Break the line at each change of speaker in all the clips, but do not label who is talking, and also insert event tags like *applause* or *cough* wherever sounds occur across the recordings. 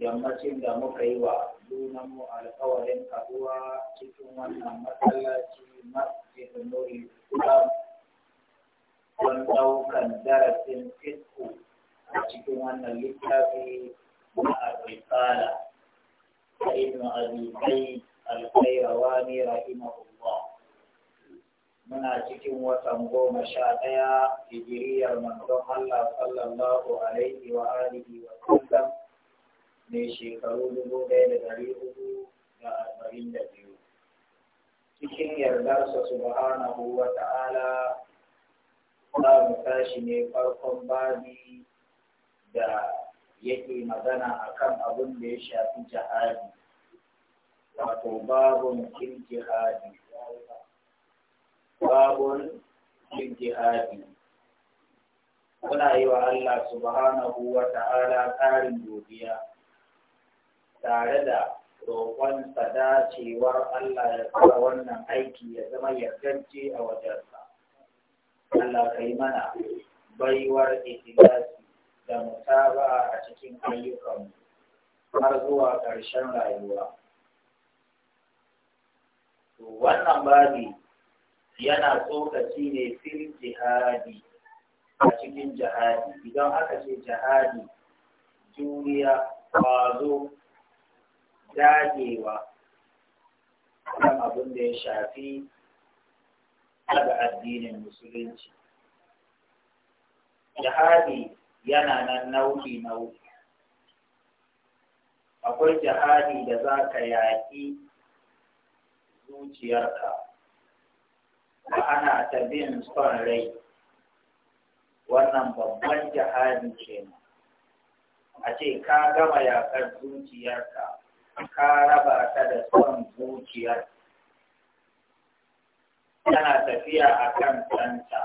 yammacin da muka yi wa junanmu alkawarin haɗuwa cikin wannan masallaci masu nuri don ɗaukan darasin fisku a cikin wannan littafi na arrisala da alfairawa ne alkairawani rahimahullah muna cikin watan goma sha ɗaya hijiriyar manzon allah sallallahu alaihi wa alihi wa sallam mai shekaru dubu ɗaya da ɗari uku da arba'in da biyu. Cikin yardarsa subhanahu wa ta'ala za mu tashi ne farkon babi da yake magana akan abin da ya shafi jihadi. Wato babun kin jihadi. Babun kin jihadi. Muna yi wa Allah subhanahu wa ta'ala ƙarin godiya. tare da roƙon ta dacewar Allah ya fara wannan aiki ya zama ya yarjejje a wajensa. Allah ka yi mana baiwar ikhlasi da mutaba a cikin ayyukanmu har zuwa ƙarshen rayuwa. Wannan babi yana tsokaci ne fil jihadi a cikin jihadi idan aka ce jihadi juriya kwazo. dagewa kan abin da ya shafi daga addinin musulunci. Jihadi yana nan nau'i-nau'i. Akwai jihadi da za ka yaƙi zuciyarka, ba ana ta bin son rai, wannan babban jihadi kenan. A ce ka gama yaƙar zuciyarka. ka raba ta da son zuciyar tana tafiya a kan ɗanta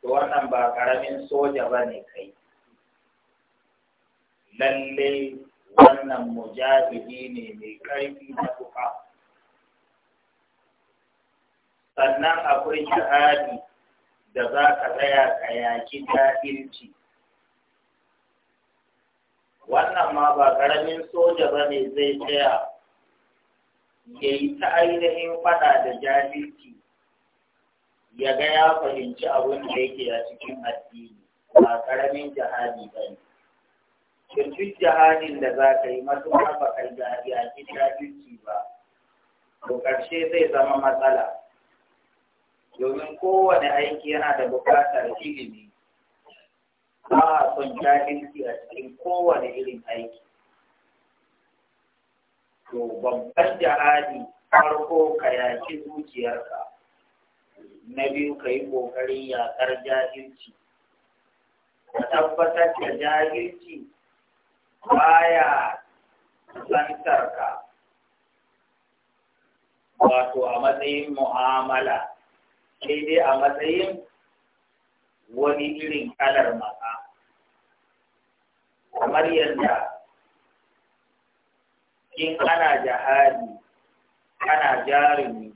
to wannan ba ƙaramin soja ba ne kai lallai wannan mujahidi ne mai ƙarfi na kuka sannan akwai jihadi da za ka tsaya ka yaki jahilci wannan ma ba ƙaramin soja ba ne zai tsaya ya yi ta ainihin faɗa da jahilci ya ga ya fahimci abin da yake a cikin addini ba ƙaramin jihadi ba ne. Kirkin jihadin da za ka yi matuƙar ba kai jihadi a cikin jahilci ba, to ƙarshe zai zama matsala. Domin kowane aiki yana da buƙatar ilimi, ba a son jahilci a cikin kowane irin aiki to babban jihadi farko ka yaki zuciyarka na biyu ka yi ƙoƙarin yaƙar jahilci ka tabbatar da jahilci baya zantarka wato a matsayin mu'amala sai dai a matsayin wani irin kalar maka kamar yadda in ana jihadi ana jarumi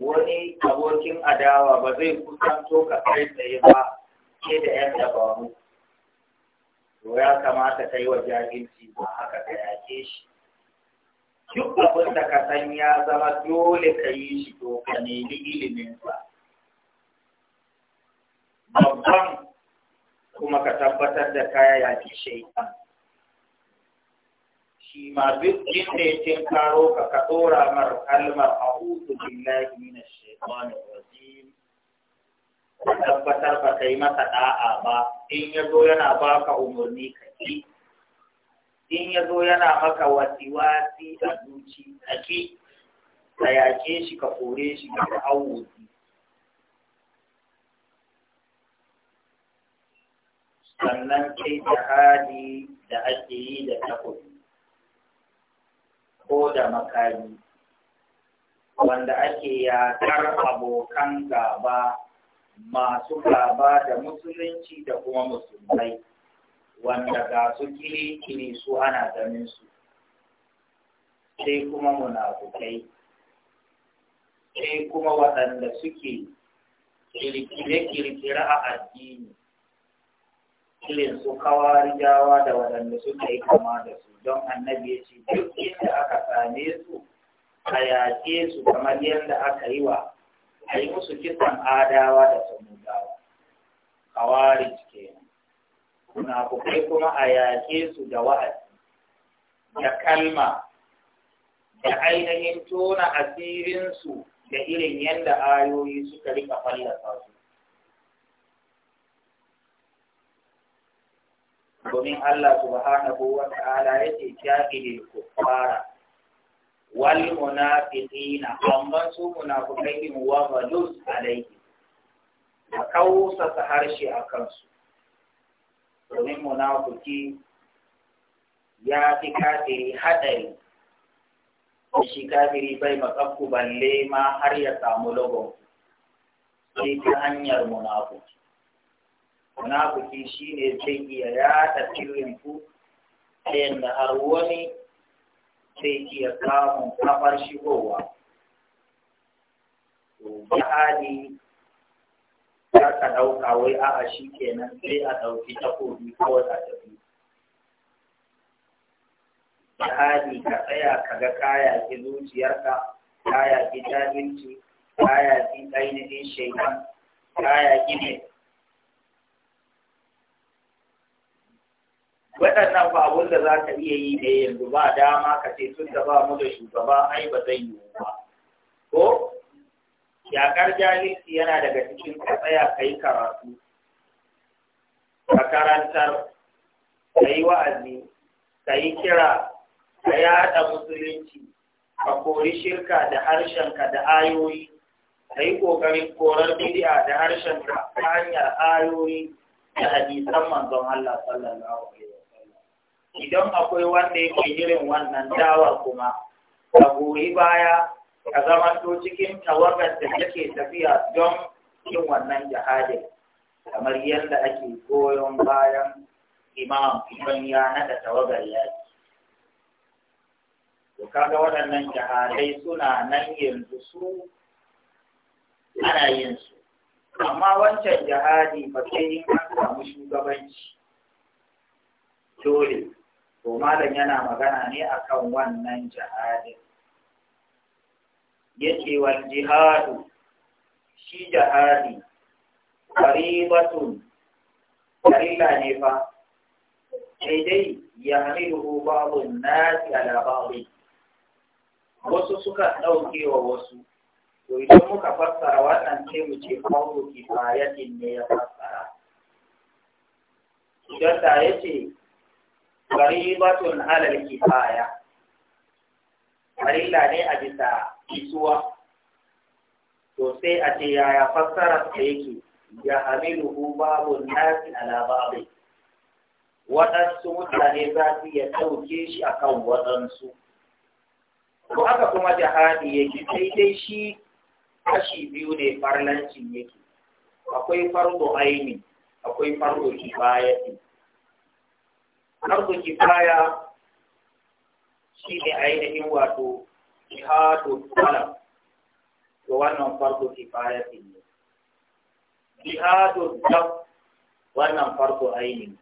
wani abokin adawa ba zai kusanto ka kai tsaye ba ke da yan dabaru to ya kamata kai wa jahilci ba haka ka yake shi duk abin da ka san ya zama dole ka yi shi to ka nemi iliminsa babban kuma ka tabbatar da kaya yaki shaitan shi ma duk inda ya karo ka ka ɗora mar kalmar a hutu billahi na shaitanin rajim ka tabbatar ba ka yi masa ɗa'a ba in ya zo yana baka umarni ka ki in ya zo yana maka wasiwasi a zuci a ki ka yake shi ka kore shi ka ta'awuzi sannan sai jihadi da ake yi da takwas ko da makami wanda ake yatar abokan gaba masu gaba da musulunci da kuma musulmai wanda ga su kiri su ana ganin su sai kuma munafukai sai kuma waɗanda suke kirkire-kirkire a addini irin su kawarijawa da waɗanda suka yi kama da su don annabi ya ce duk inda aka same su a yaƙe su kamar yadda aka yi wa a yi musu kisan adawa da samudawa kuna ku kai kuma a yaƙe su da wa'azi da kalma da ainihin tona asirinsu da irin yadda ayoyi suka rika fallasa su domin Allah subhanahu wa ta'ala yake jahilil kuffara wal munafiqina amma su munafiqai wa ghadus alayhi a kausa ta harshe a kansu domin munafiki ya fi kafiri hadari shi kafiri bai matsakku balle ma har ya samu logon sai ta hanyar munafiki munafiki ne zai iya yada sirrin ku ta yadda har wani zai iya samun kafar shigowa jihadi kar ka ɗauka wai a'a shi kenan sai a ɗauki takobi kawai a tafi jihadi ka tsaya ka ga kaya ki zuciyarka kaya ki jahilci kaya ki ainihin shaitan kaya ki ne waɗannan ba abun da za ka iya yi ne yanzu ba dama ka ce tun da ba mu da shugaba ai ba zai yi ba ko yakar jahilci yana daga cikin ka tsaya ka yi karatu ka karantar ka yi wa'azi ka yi kira ka yaɗa musulunci ka kori shirka da harshenka da ayoyi ka yi ƙoƙarin korar bidiya da harshenka ta hanyar ayoyi da hadisan manzon Allah sallallahu alaihi idan akwai wanda yake irin wannan dawa kuma ka goyi baya ka to cikin tawagar da take tafiya don yin wannan jihadin kamar yadda ake goyon bayan imam idan ya naɗa tawagar yaki to kaga waɗannan jihadai suna nan yanzu su ana yin su amma wancan jihadi ba sai in an samu shugabanci dole to malam yana magana ne akan wannan jihadin yake wal jihadu shi jihadi qaribatun qarila ne fa sai dai ya hamiluhu babu nasi ala babu wasu suka ɗauke wa wasu to idan muka fassara wannan ce mu ce kawo kifayatin ne ya fassara idan da yace faribatun alal kifaya farilla ne a bisa isuwa to sai a ce yaya fassara ta yake ya hamiluhu babu nasi ala babu waɗansu mutane za su iya ɗauke shi akan waɗansu ko aka kuma jihadi yake sai dai shi kashi biyu ne farlancin yake akwai farko aini akwai fardo ne harkun kifaya shi ne ainihin wato jihadu talab to wannan farko kifaya ne jihadu dab wannan farko ainihin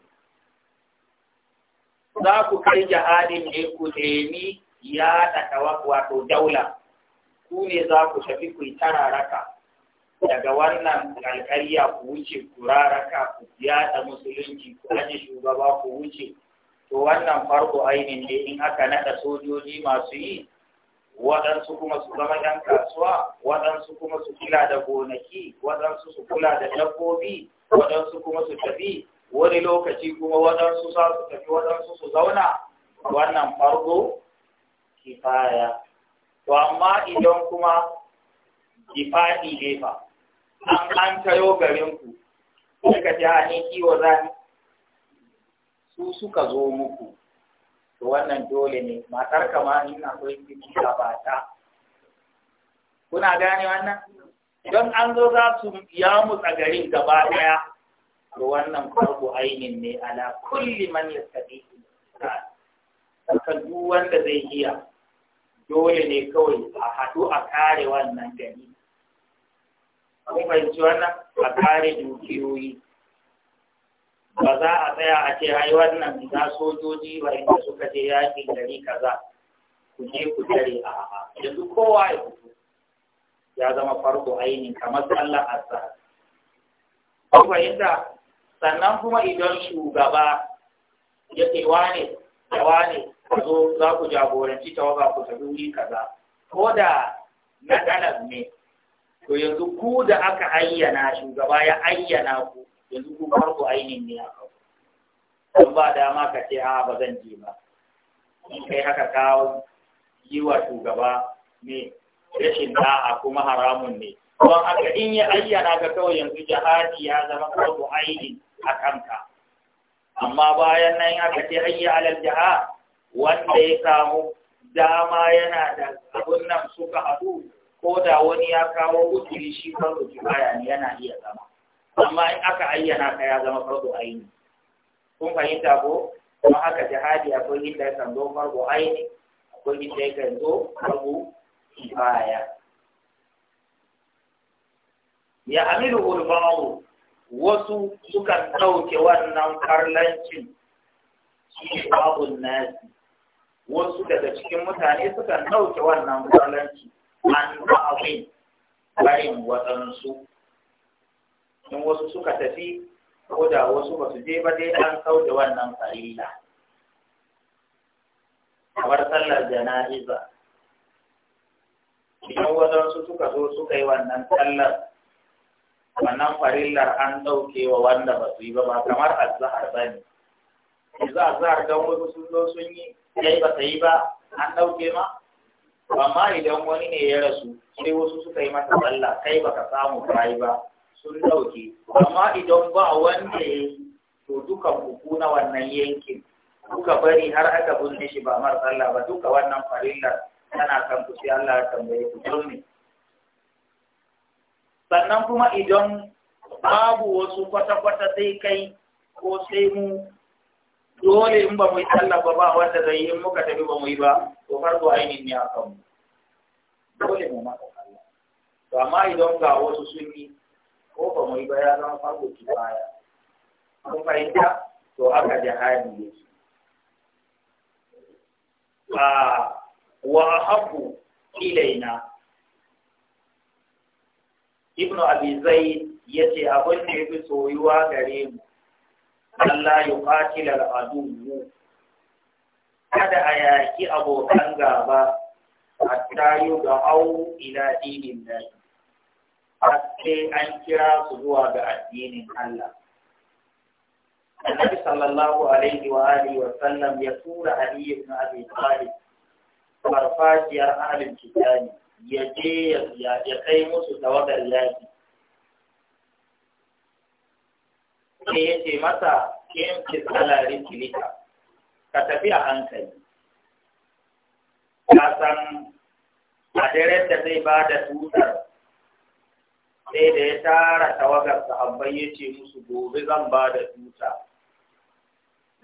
za ku kai jihadin ne ku nemi ya ɗaɗa wato daula ku ne za ku tafi ku yi raka daga wannan alƙarya ku wuce ku raraka ku yaɗa musulunci ku aji shugaba ku wuce to wannan farko ainihin ne in aka naɗa sojoji masu yi waɗansu kuma su zama ‘yan kasuwa waɗansu kuma su kula da gonaki waɗansu su kula da dabbobi waɗansu kuma su tafi wani lokaci kuma waɗansu sa su tafi waɗansu su zauna wannan farko kifaya to amma idan kuma kifaɗi ne fa an an kayo garinku suka ji ni kiwo za su suka zo muku to wannan dole ne matar kama na akwai ciki a bata kuna gane wannan don an zo za su ya mutsa garin gaba daya to wannan farko ainin ne ala kulli man yastati kan duk wanda zai iya dole ne kawai a haɗu a kare wannan gari kun fahimci wannan a kare dukiyoyi ba za a tsaya a ce 'Hai wannan na sojoji ba inda suka je yakin gari kaza ku je ku tare a yanzu kowa ya fito ya zama farko aini kamar sallar Asa. ku fahimta sannan kuma idan shugaba ya ce wane da wane ka zo za ku jagoranci tawaga ku tafi wuri kaza ko da na ɗanar ne to yanzu ku da aka ayyana shugaba ya ayyana ku yanzu ku farko ainihin ne a don ba dama ka ce a ba zan je ba in kai haka kawo yi wa shugaba ne rashin da'a kuma haramun ne don haka in ya ayyana ga kawai yanzu jihadi ya zama farko ainihin a kanka amma bayan nan aka ce hayya alal jaha wanda ya samu dama yana da abun nan suka haɗu ko da wani ya kawo uzuri shi farko kifaya ne yana iya zama amma in aka ayyana ka ya zama farko aini kun fahimta ko kuma haka jihadi akwai inda ya kan zo farko aini akwai inda ya kan zo farko kifaya ya amiru ulbamu wasu sukan ɗauke wannan karlancin shi babu nasi wasu daga cikin mutane sukan ɗauke wannan karlanci an ba'afin barin waɗansu in wasu suka tafi ko da wasu ba su je ba dai an kau da wannan farila kamar sallar jana'iza idan wadansu suka zo suka yi wannan sallar wannan farillar an ɗauke wa wanda ba su yi ba ba kamar azahar ba ne yanzu zahar don wasu sun zo sun yi sai ba ka yi ba an ɗauke ma amma idan wani ne ya rasu sai wasu suka yi masa sallah kai baka samu ka ba sun ɗauke amma idan ba wanda ya yi to duka kuku na wannan yankin duka bari har aka bunne shi ba mar sallah ba duka wannan farilla tana kan ku sai Allah ya tambaye ku don sannan kuma idan babu wasu kwata-kwata sai kai ko sai mu dole in ba mu yi sallah ba ba wanda zai yi in muka tafi ba mu yi ba to farko ainihin ne a kanmu dole mu maka sallah to amma idan ga wasu sun yi ko ba mu yi ba ya zama farko baya. kun fahimta to ji jihadi yake a wa ahabu ilaina ibn abi zaid yace abin da yafi soyuwa gare mu Allah ya qatil al adu kada a yaki abokan gaba hatta yu ga au ila dinin nabi haske an kira su zuwa ga addinin Allah. Annabi sallallahu alaihi wa alihi wa sallam ya tura Ali ibn Abi Talib farfajiyar alim kitani ya je ya ya kai musu tawagar yaki. Ke ya ce ke in ki tsalari kilika ka tafi a hankali. Ka san a daren da zai ba da tutar sai da ya tara tawagar sahabbai ya ce musu gobe zan ba da tuta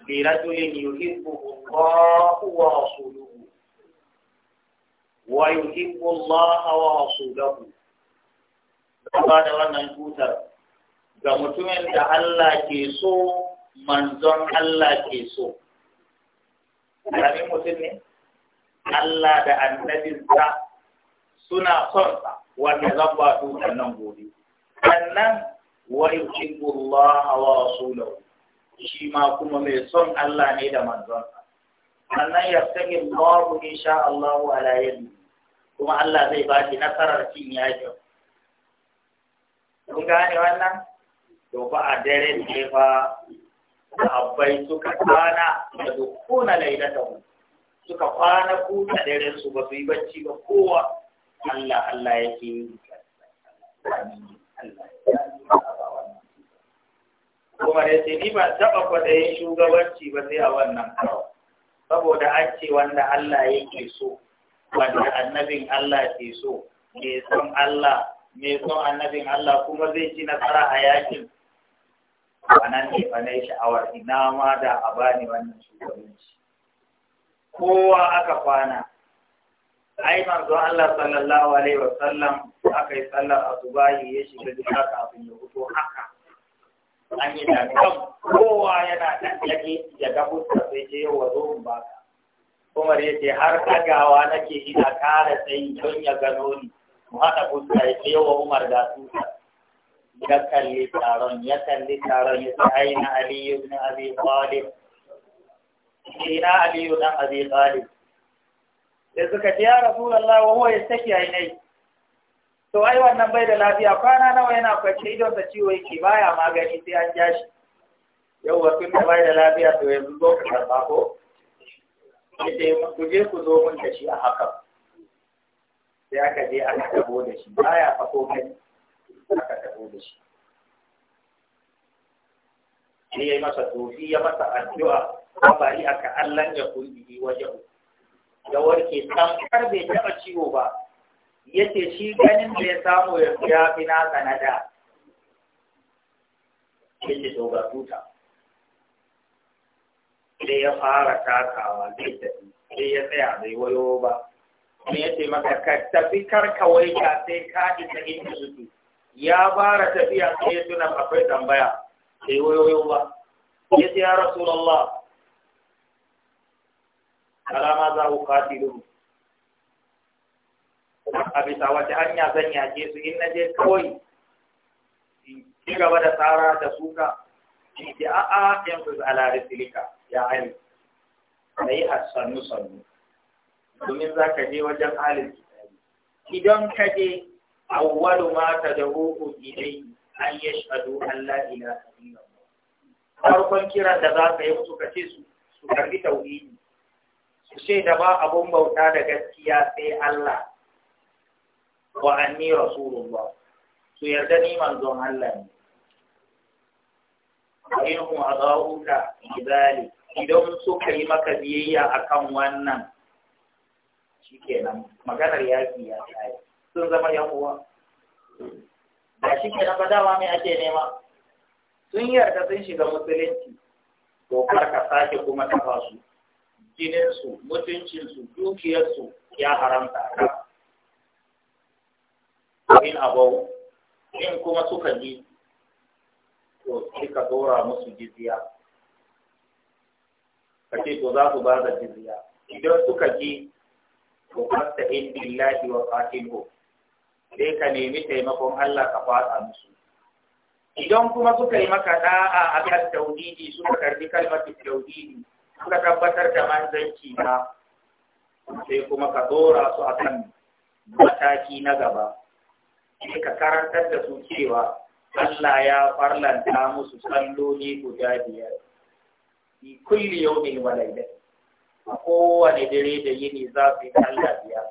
lirajulin yuhibbu Allah wa rasuluhu wa yuhibbu Allah wa rasuluhu zan ba da wannan tutar ga mutumin da Allah ke so manzon Allah ke so karamin mutum ne Allah da annabinsa suna son sa Wani zan ba su sannan gobe sannan wa yuhibbu Allah wa rasulahu shi ma kuma mai son Allah ne da manzonsa sannan ya sani Allahu insha Allah ala yadi kuma Allah zai ba shi nasarar cin yakin kun gane wannan to ba a dare ne fa abai suka kwana da dukkuna lailatahu suka kwana ku da daren su ba su yi bacci ba kowa Allah Allah kuma ya ce ni ba taɓa kwaɗayin shugabanci ba sai a wannan karo saboda an ce wanda Allah yake so wanda annabin Allah ke so mai son Allah mai son annabin Allah kuma zai ci nasara a yakin wannan ne fa na sha'awar ina ma da a bani wannan shugabanci kowa aka kwana ai manzo Allah sallallahu alaihi wasallam aka yi sallar asubahi ya shiga gida kafin ya fito haka an yi da kan kowa yana da yake ya ga fuska sai je wa zo ba Umar ya ce har kagawa nake ina kare sai don ya gano ni mu haɗa fuska ya ce wa Umar da tuta ya kalli taron ya kalli taron ya ce ai na Aliyu ibn Abi Talib ina Aliyu ibn Abi Talib da suka ce ya rasulullah wa huwa yastaki ainai to ai wannan bai da lafiya kwana nawa yana kwace idon sa ciwo yake baya magani sai an ja shi yau wa kun bai da lafiya to yanzu zo ku karba ko yace ku je ku zo mun da shi a haka sai aka je aka tabo da shi baya fa ko kai aka tabo da shi sai ya yi masa tofi ya masa addu'a a bari aka allan ya kulli wajen ya warke tamkar bai taɓa ciwo ba yace shi ganin da ya samu ya fi nasa na da yace to ga tuta sai ya fara takawa zai tafi sai ya tsaya bai wayo ba kuma yace maka ka tafi karka waika sai ka isa inda zuci ya fara tafiya sai ya tuna akwai tambaya sai wayo ba yace ya rasulullah ala ma za uqatiluhum a bisa wace hanya zan yake su in naje kawai in ci gaba da tsara da suka in ji a'a yan su ala risilika ya ali Na yi sannu sannu domin za ka je wajen halin idan ka je awwalu ma ta da ruhu ilai an yi shaɗu Allah ila sabila farkon kiran da za ka yi musu ka ce su karbi tauhidi su da ba abun bauta da gaskiya sai Allah wa anni rasulullah su yarda ni manzon Allah ne ayin ku hum adauka bidali idan suka yi maka biyayya akan wannan shikenan maganar yaki ya tsaya sun zama yan uwa da shikenan ba dama mai ake nema sun yarda sun shiga musulunci to kar ka sake kuma tafasu. su jininsu mutuncinsu dukiyarsu ya haramta in abau in kuma suka ji to suka dora musu jizya ce to za su ba da jizya idan suka ji to fasta in billahi wa qatilhu sai ka nemi taimakon Allah ka fasa musu idan kuma suka yi maka da'a kan tauhidi suka karbi kalmar tauhidi ka tabbatar da manzanci na sai kuma ka dora su a kan mataki na gaba sai ka karantar da su cewa Allah ya farlanta musu salloli guda biyar bi kulli yawmin wa laylatin a kowane dare da yini za su yi biyar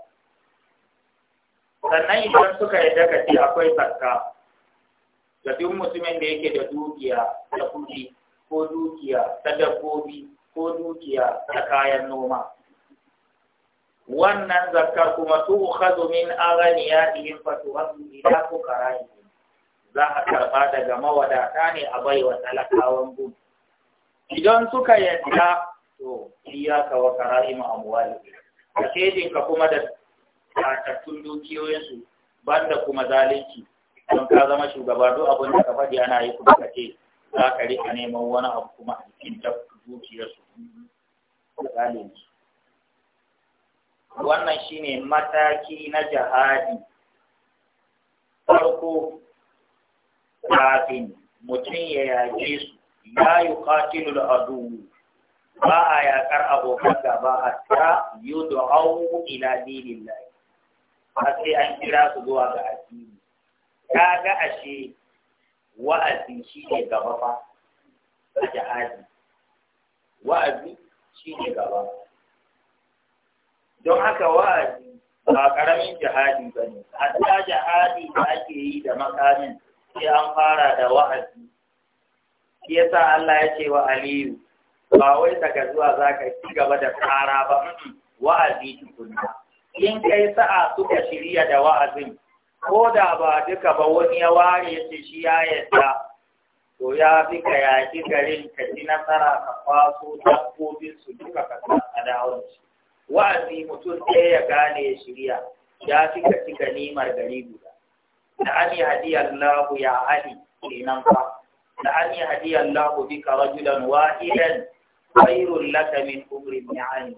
sannan idan suka yi ce akwai zakka ga duk mutumin da yake da dukiya da kuɗi ko dukiya ta dabbobi ko dukiya da kayan noma wannan zakar kuma su tu'khadhu min aghniyatihim fa turaddu ila fuqara'ihim za a karba daga mawadata ne a baiwa talakawan gun idan suka yadda to ka wa kara'im amwali a ka kuma da tatattun dukiyoyinsu banda kuma zalunci don ka zama shugaba duk abin da ka faɗi ana yi kuma ka ce za ka rika neman wani abu kuma a cikin wannan shine mataki na jihadi farko kafin mutum ya yaƙe su Ya yi al-adu ba a yaƙar abokan gaba hatta yud'u ila dinillah har sai an kira su zuwa ga addini kaga ashe wa'azi shi ne gaba fa a jihadi wa'azi shi ne gaba don haka wa'azi ba ƙaramin jihadi bane. ne hatta jihadi da ake yi da makamin sai an fara da wa'azi shi yasa Allah ya ce wa Aliyu ba wai daga zuwa za ka ci gaba da tsara ba wa'azi tukunna in kai sa'a suka shirya da wa'azin ko da ba duka ba wani ya ware ya shi ya yadda to ya fi ka yaƙi garin ka ci nasara ka kwaso dabbobin su duka ka sa a dawon shi wa'azi mutum ɗaya ya gane ya shirya ya fi ka ci ganimar gari guda da an yi hadiyallahu ya ali kenan fa da an yi hadiyallahu bika rajulan wahidan khairul laka min umri ni'ani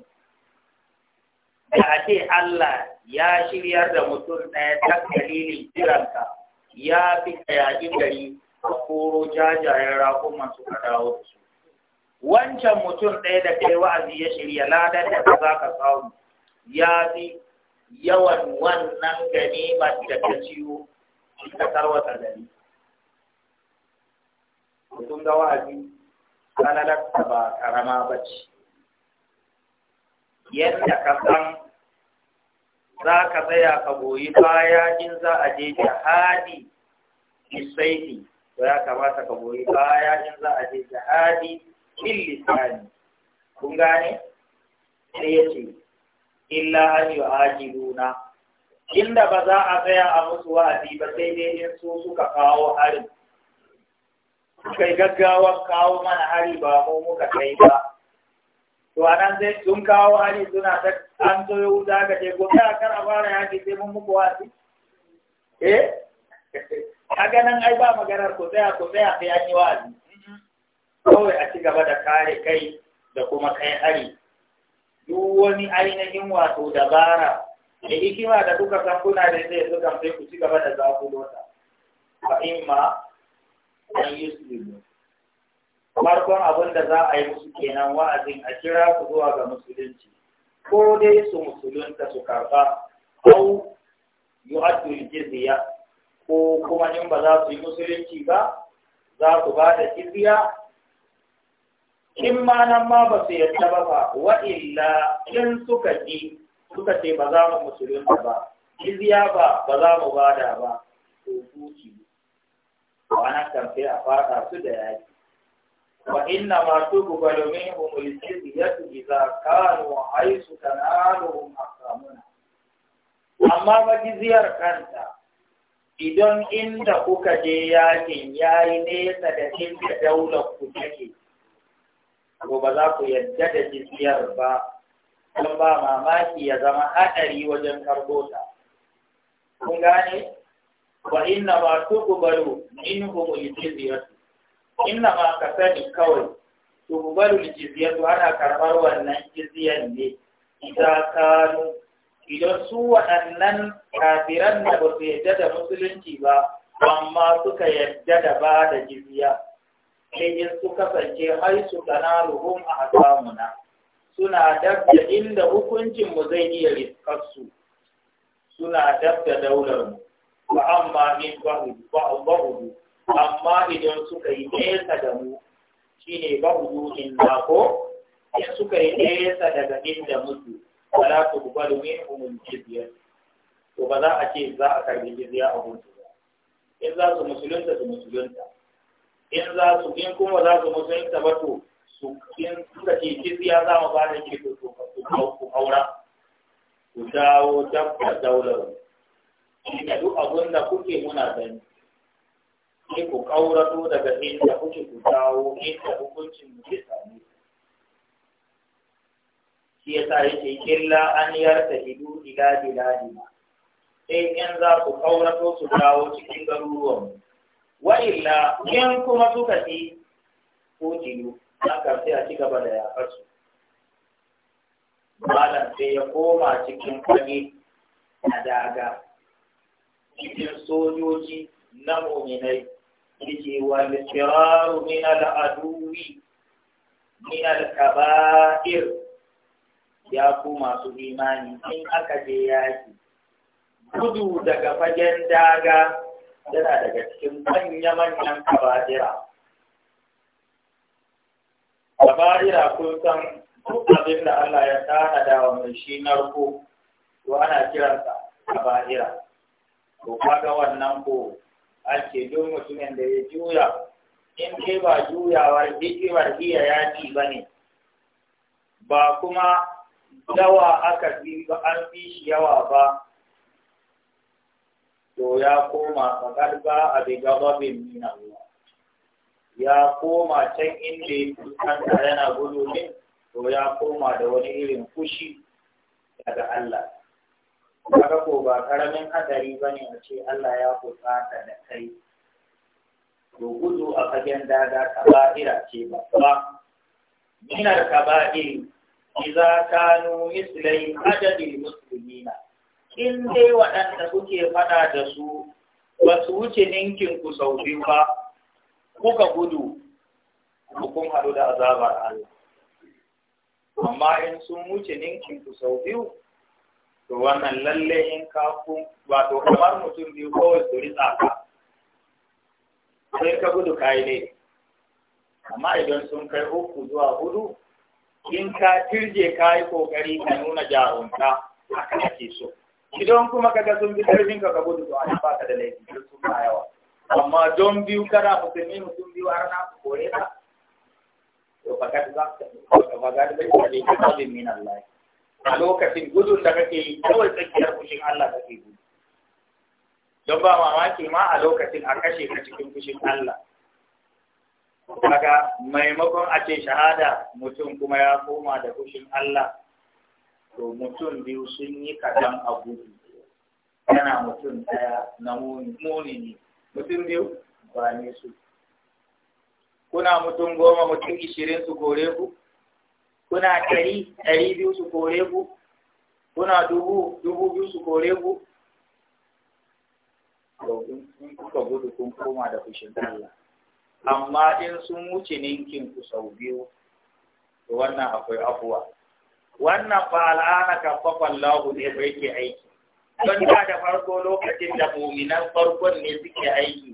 da a ce Allah ya shiryar da mutum ɗaya ta dalilin kiranka ya fi ka yaƙi gari ka jajayen raƙuman suka wancan mutum ɗaya da kai wa'azi ya shirya ladan da za ka samu ya fi yawan wannan ba da ta ciwo ta tarwata gani. mutum da wa'azi sanadarsa ba karama ba ce yadda ka san za ka tsaya ka goyi baya in za a je jihadi isaifi to ya kamata ka goyi baya in za a je jihadi bil lisani kun gane sai ya ce illa an yu'ajiluna inda ba za a tsaya a musu wa'azi ba sai dai in su suka kawo harin kai gaggawan kawo mana hari ba mu muka kai ba to anan sai sun kawo hari suna ta an zo wuta ka ce gobe a kar a fara yaki sai mun muku wa'azi eh *laughs* kaga nan ai ba maganar ku tsaya ku tsaya sai an yi wa'azi kawai a ci gaba da kare kai da kuma kai hari duk wani ainihin wato dabara da hikima da kuka san kuna da zai sukan sai ku ci gaba da lota fa imma an yuslimu farkon abin da za a yi musu kenan wa'azin a kira ku zuwa ga musulunci ko dai su musulunta su karba au yu'addu jizya ko kuma in ba za su yi musulunci ba za su ba da jizya in ma nan ma ba su yadda ba ba wa illa in suka ji suka ce ba za mu musulunta ba jizya ba ba za mu bada ba to huci wannan kamfe a fada su da yaki wa inna ma tuqbalu minhum al-jizyatu idza kanu haythu tanaluhum aqamuna amma ba jizyar kanta idan inda kuka je yakin ya yi nesa da inda daular ku take, ko ba za ku yadda da jiziyar ba, don ba mamaki ya zama haɗari wajen karɓo ta. Kun gane? Wa inna ma tuqbalu in al-jizyatu. Inna ma ka sani kawai tuqbalu al-jizyatu ana karɓar wannan jizyan ne idan kanu idan su waɗannan kafiran da ba su yadda da musulunci ba amma suka yadda da ba da jiziya in su kasance haisu ruhun a hasamuna suna dab da inda hukuncinmu zai iya riskarsu suna dab da daularmu ba amma min hudu amma idan suka yi nesa da mu shine hudu in ko in suka yi nesa daga inda mutu wala tuqbalu minhum al-jizya to ba za a ce za a karbi jizya a gunsu in za su musulunta su musulunta in za su in kuma za su musulunta ba to su in suka ce jizya za mu ba da ke to ku aura ku dawo dabbar daular inda duk abun da kuke muna gani sai ku kaurato daga inda kuke ku dawo inda hukuncin mu ya same shi yasa yake illa an yarta hidu ila biladina sai in za ku kaurato su dawo cikin garuruwan wa illa in kuma suka ci kutilu haka sai a ci gaba da yaƙar su malam sai ya koma cikin fage na daga cikin sojoji na muminai yake wal firaru min al aduwi min al kaba'ir ya ku masu imani in aka je yaki gudu daga fagen daga yana daga cikin manya-manyan kabadira kabadira kun san duk abin da Allah ya tanada wa mai shi narko to ana kiransa kabadira to kaga wannan ko ake don mutumin da ya juya in ke ba juyawar hikimar iya yaki ba ne ba kuma dawa aka fi ba an fi shi yawa ba to ya koma faƙar ba a bi gababin min Allah ya koma can inda ya kanta yana gudu ne to ya koma da wani irin fushi daga Allah kaga ko ba karamin hadari bane a ce Allah ya kusata da kai to gudu a fagen daga kaba'ira ce ba ba minar kaba'iri iza kanu mislai adadil muslimina in dai waɗanda kuke faɗa da su ba su wuce ninkin ku sau biyu ba kuka gudu kun haɗu da azabar Allah amma in sun wuce ninkin ku sau biyu to wannan lalle in ka ku wato kamar mutum biyu kawai su ritsa ka sai ka gudu kai ne amma idan sun kai uku zuwa hudu in ka tirje ka yi kokari ka nuna jarumta haka ake so idan kuma ka ga sun bi karfin ka ka gudu to an ba ka da laifi duk sun ba yawa amma don biyu kana musulmi mutum biyu har na kore ka to ba ka za ka ba ga da bai da ka bin min Allah a lokacin gudun da kake yi kawai tsakiyar fushin Allah kake gudu don ba mamaki ma a lokacin a kashe ka cikin fushin Allah kaga maimakon a ce shahada mutum kuma ya koma da fushin Allah to mutum biyu sun yi kaɗan a gudu yana mutum ɗaya na muni ne mutum biyu ba ne su kuna mutum goma mutum ishirin su kore ku kuna ɗari ɗari biyu su kore ku kuna dubu dubu biyu su kore ku to in kuka gudu kun koma da fushin Allah amma in sun wuce ninkin ku sau biyu to wannan akwai afuwa wannan fa al'ana ka fafan lahu ne ba yake aiki don da da farko lokacin da muminan farkon ne suke aiki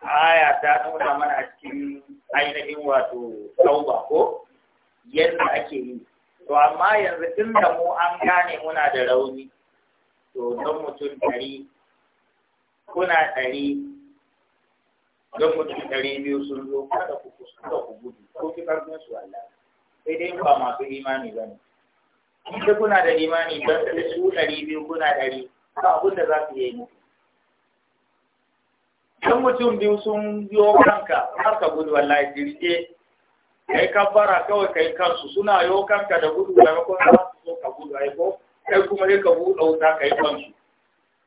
aya ta nuna mana a cikin ainihin wato tauba ko yadda ake yi to amma yanzu tun da mu an gane muna da rauni to don mutum ɗari kuna ɗari don mutum ɗari biyu sun zo kada ku kuskura ku gudu ko ki karfin su Allah sai dai ba masu imani ba ne máa dai kuna da imani don sai su ɗari biyu kuna ɗari ba abin za su yi muku mutum biyu sun biyo kanka har ka gudu wallahi ń kai kabbara kawai kai kansu suna yo kanka da gudu daga kun za su so ka gudu ai ko kuma dai ka buɗe wuta kai kansu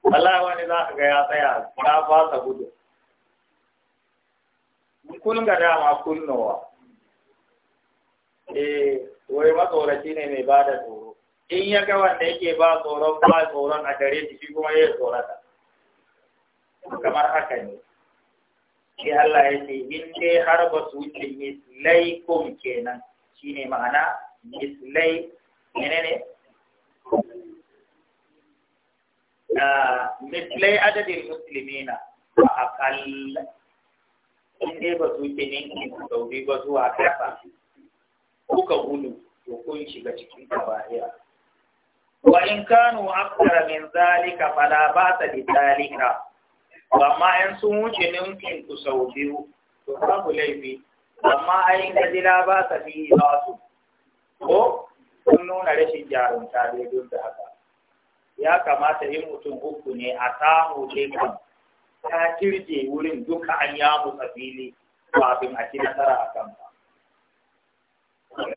wallahi wani za ga ya tsaya ya fasa gudu kun ga dama kunnowa eh wai matsoraci ne mai bada tsoro in ya ga wanda yake ba tsoron ba tsoron a gare shi kuma ya tsorata kamar haka ne sai Allah ya ce in dai har ba su wuce mislaikum kenan shine ma'ana mislai menene ah, mislai adadin musulmina a akalla in dai ba su ke ninki ku sauri ba zuwa kasa kuka gudu to kun shiga cikin kaba'ira wa in kanu akthara min zalika fala ta bi zalika amma in sun wuce ninkin ku sau biyu to ku laifi amma ai na ba sa bi ba su ko sun nuna rashin jarumta dai duk da haka ya kamata yin mutum uku ne a samu dai kan ta kirke wurin duka an ya mutsa ba kafin a ci nasara a kan ba.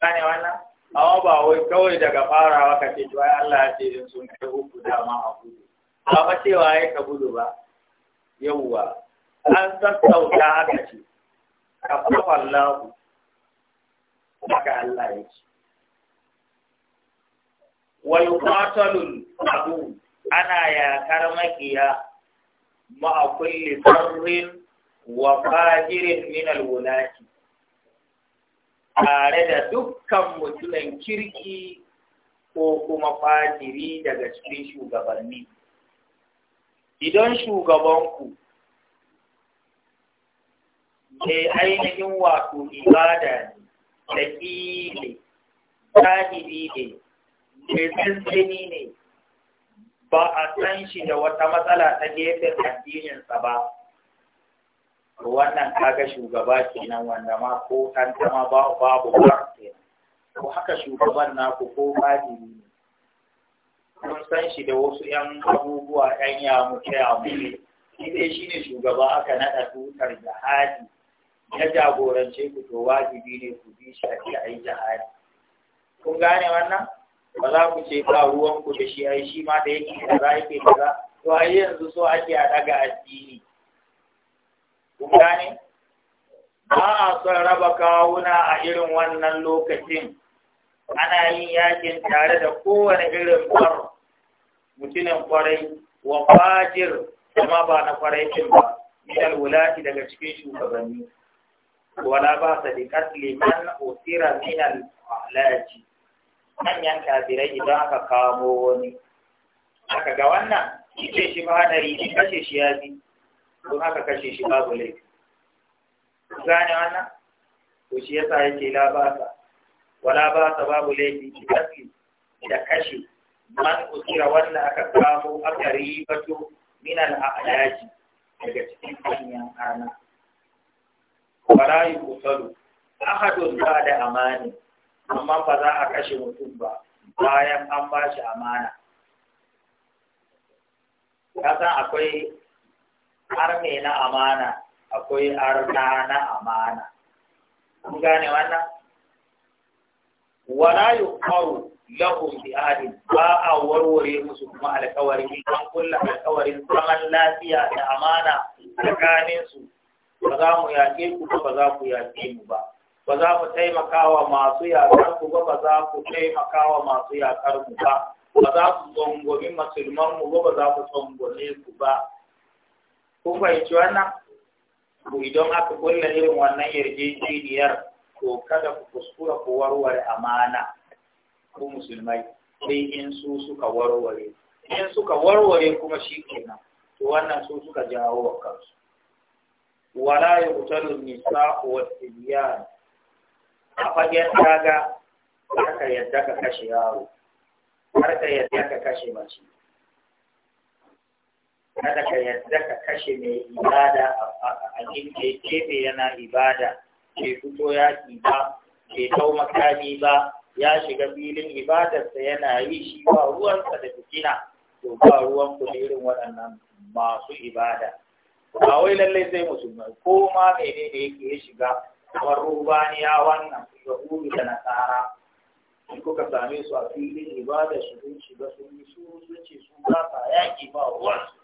Gane wannan? Amma ba wai kawai daga farawa ka ce wai Allah ya ce in sun kai uku dama a gudu. Ba ba cewa ya ka gudu ba. Yawwa. An sassauta aka ce. Ka fafa lagu. haka Allah ya ce. Wal qatalul adu ana yakar makiya Ma a kulli sarrin wa fahirin min alwulati tare da dukkan mutumin kirki ko kuma fajiri daga cikin shugabanni idan shugabanku ke ainihin wato ibada ne da ne ne mai tsinsini ne ba a san shi da wata matsala ta gefen addininsa ba wannan kaga shugaba kenan wanda ma ko tantama ba babu ba ko haka shugaban naku ko fadili ne mun san shi da wasu 'yan abubuwa 'yan yamuke yamuke shi dai shi ne shugaba aka naɗa tutar jihadi ya jagorance ku to wajibi ne ku bi shi a yi jihadi kun gane wannan ba za ku ce ba ruwan ku da shi ai shi ma da yake da kaza yake za to ai yanzu so ake a daga addini kun gane ba a son raba kawuna a irin wannan lokacin ana yin yakin tare da kowane irin kwar mutumin kwarai wa fajir kuma ba na kwarai cin ba idan wulati daga cikin shugabanni wala ba sa da katli man usira minal alaji manyan kafirai idan aka kamo wani aka ga wannan ce shi ba hadari ne kashe shi ya bi don haka kashe shi babu laifi gane wannan to shi yasa yake labasa wala ba sa babu laifi ki kashe da kashe man usira wanda aka kamo aka ribato min alaji daga cikin hanyar ana wala yusalu ahadun ba da amani amma ba za a kashe mutum ba bayan an ba shi amana kasan akwai arme na amana akwai arna na amana kun gane wannan wala yuqaru lahun bi ahadin ba a warware musu kuma alƙawarin an kulla alƙawarin zaman lafiya da amana tsakaninsu. ba za mu yaƙe ku ba za ku yaƙe mu ba ba za ku taimakawa masu yaƙar ku ba ba za ku taimakawa masu yaƙar ba ba za ku tsongoni musulman mu ba ba za ku tsongone ku ba kun fahimci wannan ku idan aka kulla irin wannan yarjejeniyar to kada ku kuskura ku warware amana ku musulmai sai in su suka warware in suka warware kuma shi kenan to wannan su suka jawo wa kansu wala yuqtalu nisa'u wa tibyan a fagen daga harka ka yadda ka kashe yaro harka yadda ka kashe mace kada ka yadda ka kashe mai ibada a keke kebe yana ibada ke fito yaƙi ba ke tau makami ba ya shiga filin ibadarsa yana yi shi ba ruwansa da fitina to ba ruwan ku waɗannan masu ibada ba wai lallai sai musulmai ko ma menene yake ya shiga kamar rubaniya wannan yahudu da nasara in kuka same su a filin ibada su sun shiga sun yi su sun ce su ba sa yaƙi ba ruwansu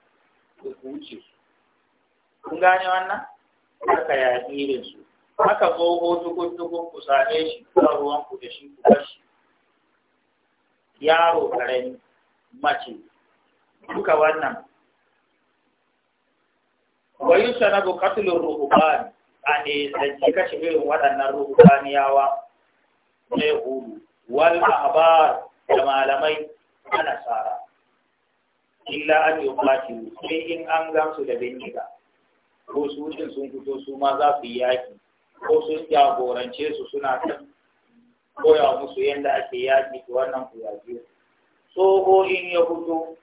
da ku wuce su kun gane wannan haka ya irin su haka tsoho tukun-tukun ku same shi kuma ruwan ku da shi ku kashi yaro karami mace duka wannan wayu sanabu qatlur ruhban a nisanci kashe irin waɗannan rubaniyawa ne hulu wal ahbar da malamai a nasara illa an yi kwaci sai in an gamsu da bindiga ko su din sun fito su ma za su yi yaki ko sun jagorance su suna ta koya musu yadda ake yaki to wannan kuyaje yaki tsoho in ya fito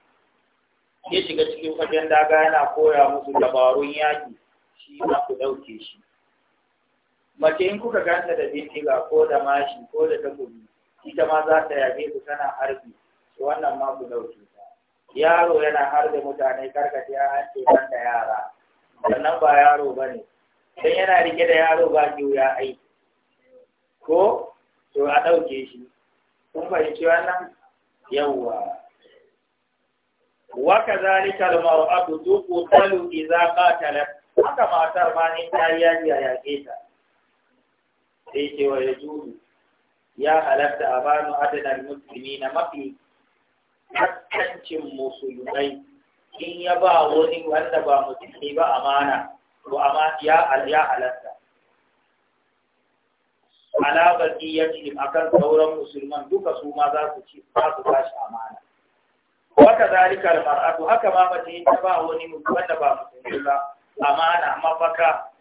ya shiga cikin fagen daga yana koya musu dabarun yaki shi ma ku ɗauke shi mace in kuka ganta da bindiga ko da mashi ko da takobi ita ma za ta yabe ku tana harbi wannan ma ku dauke ta yaro yana harbe mutane karkace ya hanci kan da yara sannan ba yaro ba ne don yana rike da yaro ba ki ya aiki ko to a ɗauke shi kun fahimci wannan yawwa waka zalika al-mar'atu tuqtalu idza qatalat haka matar ma ne ta yaji a yake ta da ce wa ya juru ya halatta a bani adanar musulmi na mafi hakkancin musulmai in ya ba wani wanda ba musulmi ba amana to amma ya ya halatta ala baqiyatihim akan sauran musulman duka su ma za su ci za su tashi amana waka zalika almar'atu haka ma mace ta ba wani wanda ba musulmi ba amana mafaka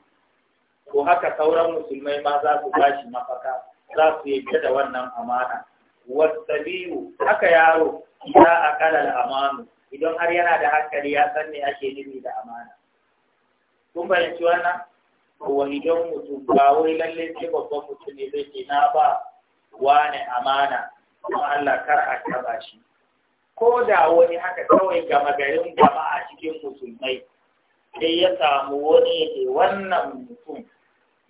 Ko haka sauran musulmai ma za su bashi mafaka za su fita da wannan amana wasabiyu haka yaro ya kalal amanu idan har yana da hankali ya san me ake nufi da amana kun bayyanci wannan wa idan mutum ba wai lalle sai babban mutum ne zai ce na ba wani amana kuma Allah kar a taba shi ko da wani haka kawai gama garin jama'a cikin musulmai sai ya samu wani ya ce wannan mutum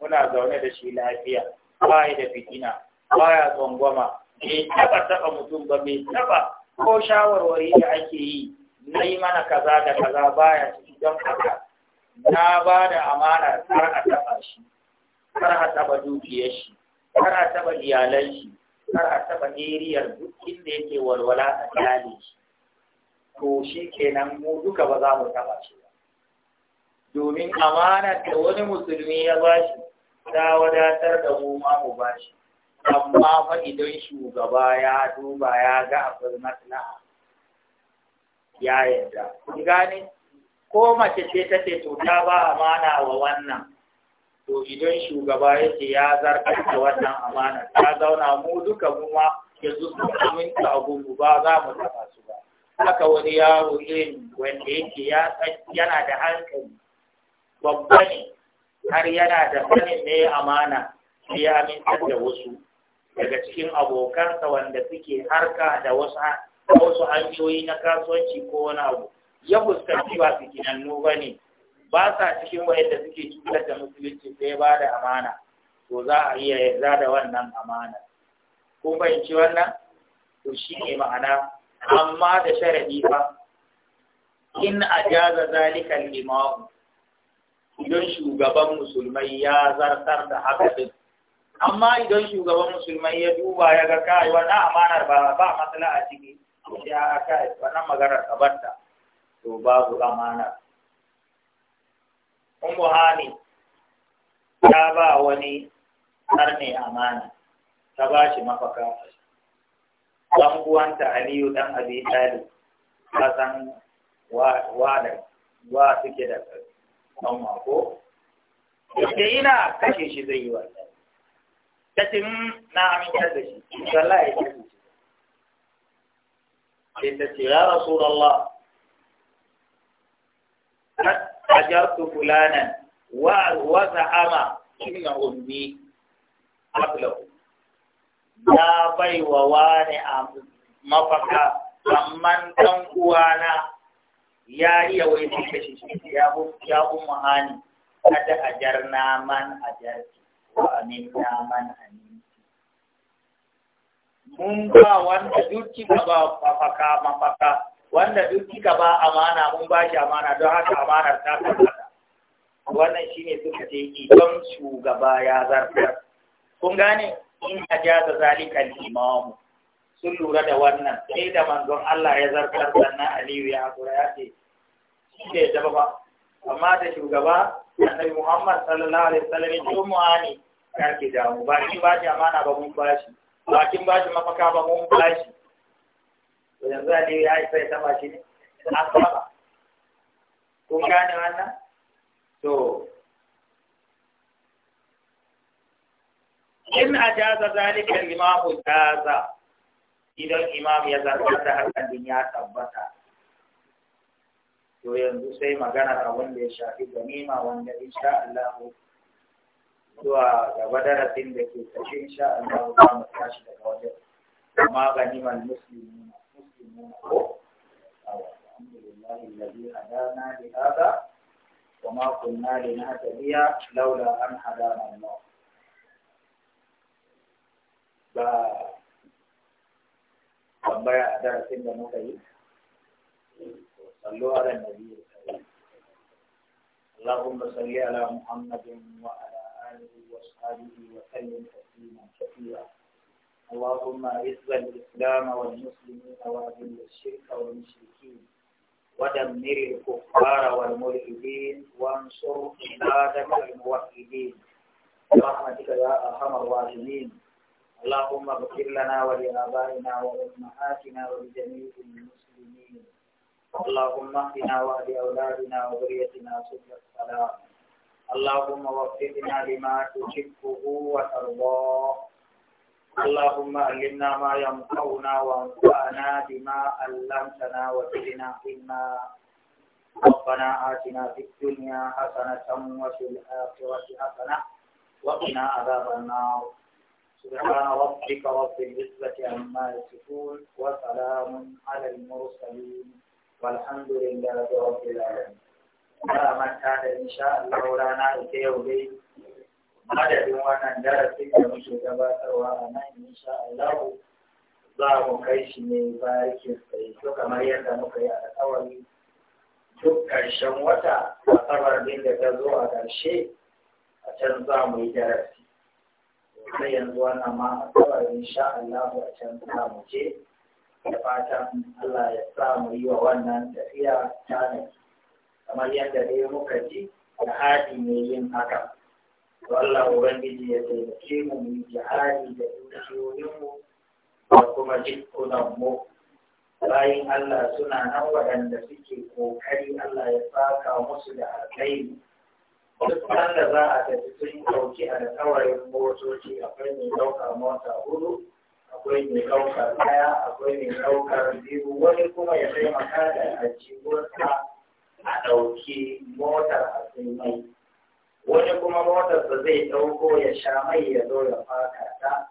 Muna zaune da shi lafiya ba da fitina ba ya tsangwama bai taba taba mutum ba bai taba ko shawarwari da ake yi na yi mana kaza da kaza baya ci don haka na ba da amana kar a taba shi kar a taba dukiyar shi kar a taba iyalan shi kar a taba eriyar duk inda yake walwala a iyali shi to shi kenan mu duka ba za mu taba shi ba domin amanar da wani musulmi ya ba shi ta wadatar da mu ma mu bashi amma fa idan shugaba ya duba ya ga akwai maslaha ya yarda kun gane ko mace ce ta ce to ta ba amana wa wannan to idan shugaba ya ce ya zartar da wannan amana ta zauna mu duka mu ma yanzu su aminta ba za mu taba su ba haka wani yaro ne wanda yake yana da hankali babba ne har yana da sanin ne amana shi ya aminta da wasu daga cikin abokansa wanda suke harka da wasu wasu hanyoyi na kasuwanci ko wani abu ya fuskanci ba su kinannu ba ne ba sa cikin wayanda suke cutar da musulunci sai ba da amana to za a iya yarda da wannan amana Ko fahimci wannan to shi ne ma'ana amma da sharadi ba in ajaza zalika zalikan imamu idan shugaban musulmai ya zartar da haka din amma idan shugaban musulmai ya duba ya ga kai wannan amanar ba ba matsala a ciki ya kai wannan maganar kabarta to babu amanar kuma hani ta ba wani karne amana ta ba shi mafaka dan aliyu dan abi talib kasan wa wa da wa suke da kanwa ko da yana kashe shi zai yi wannan ta ce hmm, na aminta da shi wallahi ya kashe shi sai ta ce ya rasulullah ajartu fulanan wa wa za'ama inna ummi qablahu na baiwa wani a mafaka amman dan uwana ya iya wai sai kashi shi ya ya umma hani kada ajar na man ajarki wa amin na man amin mun ba wanda duk ka ba mafaka mafaka wanda duk ka ba amana mun ba shi amana don haka amana ta tabbata wannan shine suka ce idan shugaba ya zartar kun gane in ajaza zalika al-imamu sun lura da wannan sai da manzon Allah ya zartar sannan Aliyu ya hakura ya ce shi ne da ba amma da shugaba annabi Muhammad sallallahu alaihi wasallam ya ce mu ani kar ki damu ba ki ba shi amana ba mun ba shi ba kin ba shi mafaka ba mun ba shi to yanzu Aliyu ya yi sai taba shi ne an saba kun gane wannan to in ajaza zalika limahu jaza idan imam ya zarfar da hakan ya tabbata to yanzu sai magana a wanda ya shafi ganima wanda insha Allah zuwa gaba darasin da ke tafi insha Allah za mu tashi daga wajen amma ganimar musulmi musulmi ko alhamdulillah alladhi hadana li hada wa ma kunna linahtadiya laula an hadana Allah ba اللهم صل على محمد وعلى اله وصحبه وسلم تسليما كثيرا اللهم اعز الاسلام والمسلمين واذل الشرك والمشركين ودمر الكفار والملحدين وانصر عبادك الموحدين برحمتك يا ارحم الراحمين اللهم اغفر لنا ولآبائنا وأمهاتنا ولجميع المسلمين اللهم اهدنا واهد أولادنا وذريتنا سبل السلام اللهم وفقنا لما تحبه وترضاه اللهم علمنا ما ينفعنا وانفعنا بما علمتنا وزدنا علما ربنا آتنا في الدنيا حسنة وفي الآخرة حسنة وقنا عذاب النار سبحان ربك رب العزة عما يصفون وسلام على المرسلين والحمد لله رب العالمين. Ba manta da insha Allah rana ita yau dai madadin wannan darasin da muke gabatarwa a nan sha Allah za mu kai shi ne barikin sai to kamar yadda muka yi alƙawari duk ƙarshen wata asabar ɗin da ta zo a ƙarshe a can za mu yi darasi har yanzu wannan ma matsalar insha Allah a can za ce da fatan Allah ya sa mu yi wa wannan tafiya tanadi kamar yadda dai muka ji da haɗi ne yin haka to Allah ubangiji ya taimake mu mu yi da dukiyoyinmu da kuma jikunanmu bayan Allah suna nan waɗanda suke ƙoƙari Allah ya saka musu da alkhairi duk da za a tafi sun ɗauki alkawarin motoci akwai mai ɗaukar mota hudu akwai mai ɗaukar ɗaya akwai mai ɗaukar biyu wani kuma ya taimaka da ajiyarsa a ɗauki motar a mai wani kuma motar da zai ɗauko ya sha mai ya zo ya faka ta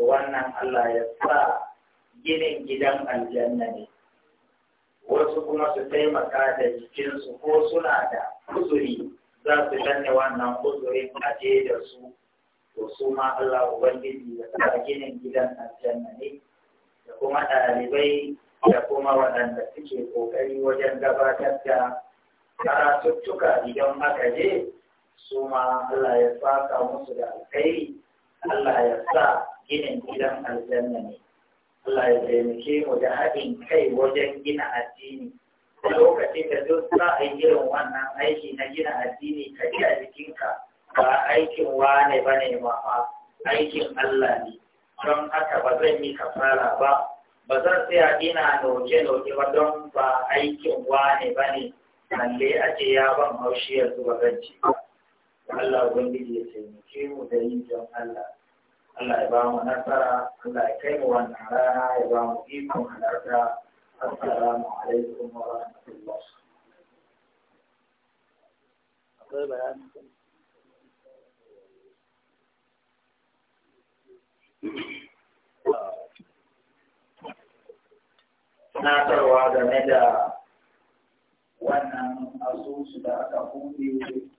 wannan Allah ya sa ginin gidan aljanna ne wasu kuma su taimaka da jikinsu ko suna da kuzuri za su danne wannan a aje da su to su ma Allah Ubangiji ya sa ginin gidan aljanna ne da kuma ɗalibai da kuma waɗanda suke ƙoƙari wajen gabatar da karatuttuka idan aka je su ma Allah ya saka musu da alkai Allah ya sa ginin gidan aljanna ne Allah ya taimake mu da haɗin kai wajen gina addini a lokacin da duk za a yi irin wannan aiki na gina addini ka ji a jikinka ba aikin wane ba ne ba fa aikin Allah ne don haka ba zan yi kafara ba ba zan tsaya ina noke-noke ba don ba aikin wane ba ne balle a ce ya ban haushi yanzu ba zan ci Allah Ubangiji ya taimake mu da yin don Allah Allah ya ba mu nasara Allah ya kai mu wannan rana ya ba mu ikon halarta السلام عليكم ورحمة الله أقول Na Tunatarwa game da wannan asusu da aka hude